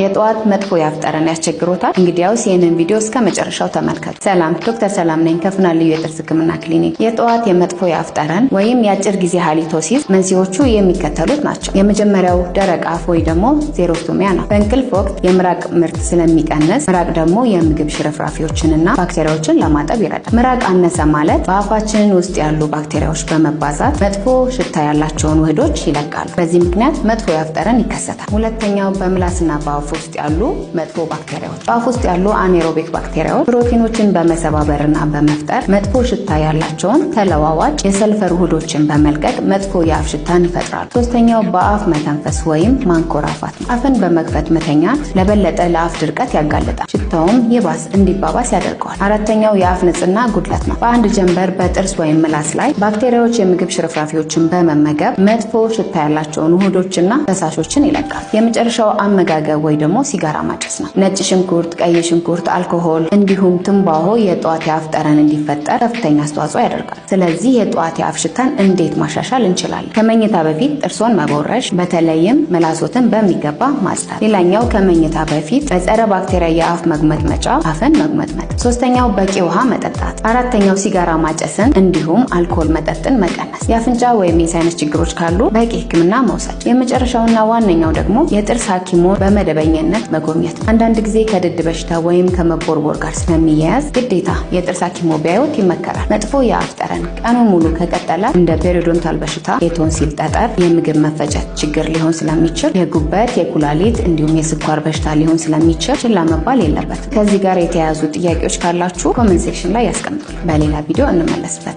የጠዋት መጥፎ ያፍጠረን ያስቸግሮታል? እንግዲያውስ ይህንን ቪዲዮ እስከ መጨረሻው ተመልከት። ሰላም፣ ዶክተር ሰላም ነኝ ከፍና ልዩ የጥርስ ህክምና ክሊኒክ። የጠዋት የመጥፎ ያፍጠረን ወይም የአጭር ጊዜ ሀሊቶሲስ መንስኤዎቹ የሚከተሉት ናቸው። የመጀመሪያው ደረቅ አፍ ወይ ደግሞ ዜሮቶሚያ ነው። በእንቅልፍ ወቅት የምራቅ ምርት ስለሚቀንስ፣ ምራቅ ደግሞ የምግብ ሽርፍራፊዎችንና ባክቴሪያዎችን ለማጠብ ይረዳል። ምራቅ አነሰ ማለት በአፋችን ውስጥ ያሉ ባክቴሪያዎች በመባዛት መጥፎ ሽታ ያላቸውን ውህዶች ይለቃሉ። በዚህ ምክንያት መጥፎ ያፍጠረን ይከሰታል። ሁለተኛው በምላስና በአፍ በአፍ ውስጥ ያሉ መጥፎ ባክቴሪያዎች። በአፍ ውስጥ ያሉ አኔሮቢክ ባክቴሪያዎች ፕሮቲኖችን በመሰባበርና በመፍጠር መጥፎ ሽታ ያላቸውን ተለዋዋጭ የሰልፈር ውህዶችን በመልቀቅ መጥፎ የአፍ ሽታን ይፈጥራሉ። ሶስተኛው በአፍ መተንፈስ ወይም ማንኮራፋት ነው። አፍን በመክፈት መተኛት ለበለጠ ለአፍ ድርቀት ያጋልጣል፣ ሽታውም ይባስ እንዲባባስ ያደርገዋል። አራተኛው የአፍ ንጽህና ጉድለት ነው። በአንድ ጀንበር በጥርስ ወይም ምላስ ላይ ባክቴሪያዎች የምግብ ሽርፍራፊዎችን በመመገብ መጥፎ ሽታ ያላቸውን ውህዶችና ፈሳሾችን ይለቃል። የመጨረሻው አመጋገብ ወይ ደግሞ ሲጋራ ማጨስ ነው። ነጭ ሽንኩርት፣ ቀይ ሽንኩርት፣ አልኮሆል እንዲሁም ትንባሆ የጠዋት የአፍ ጠረን እንዲፈጠር ከፍተኛ አስተዋጽኦ ያደርጋል። ስለዚህ የጠዋት የአፍ ሽታን እንዴት ማሻሻል እንችላለን? ከመኝታ በፊት ጥርሶን መቦረሽ፣ በተለይም ምላሶትን በሚገባ ማጽዳት። ሌላኛው ከመኝታ በፊት በጸረ ባክቴሪያ የአፍ መግመጥመጫ አፍን መግመጥመጥ። ሶስተኛው በቂ ውሃ መጠጣት። አራተኛው ሲጋራ ማጨስን እንዲሁም አልኮል መጠጥን መቀነስ። የአፍንጫ ወይም የሳይነስ ችግሮች ካሉ በቂ ሕክምና መውሰድ። የመጨረሻውና ዋነኛው ደግሞ የጥርስ ሐኪሞን በመደበ በእርግጠኝነት መጎብኘት አንዳንድ ጊዜ ከድድ በሽታ ወይም ከመቦርቦር ጋር ስለሚያያዝ ግዴታ የጥርስ ሐኪም ቢያዩት ይመከራል። መጥፎ የአፍ ጠረን ቀኑ ሙሉ ከቀጠለ እንደ ፔሪዶንታል በሽታ፣ የቶንሲል ጠጠር፣ የምግብ መፈጨት ችግር ሊሆን ስለሚችል የጉበት፣ የኩላሊት እንዲሁም የስኳር በሽታ ሊሆን ስለሚችል ችላ መባል የለበትም። ከዚህ ጋር የተያያዙ ጥያቄዎች ካላችሁ ኮመንት ሴክሽን ላይ ያስቀምጡል። በሌላ ቪዲዮ እንመለስበት።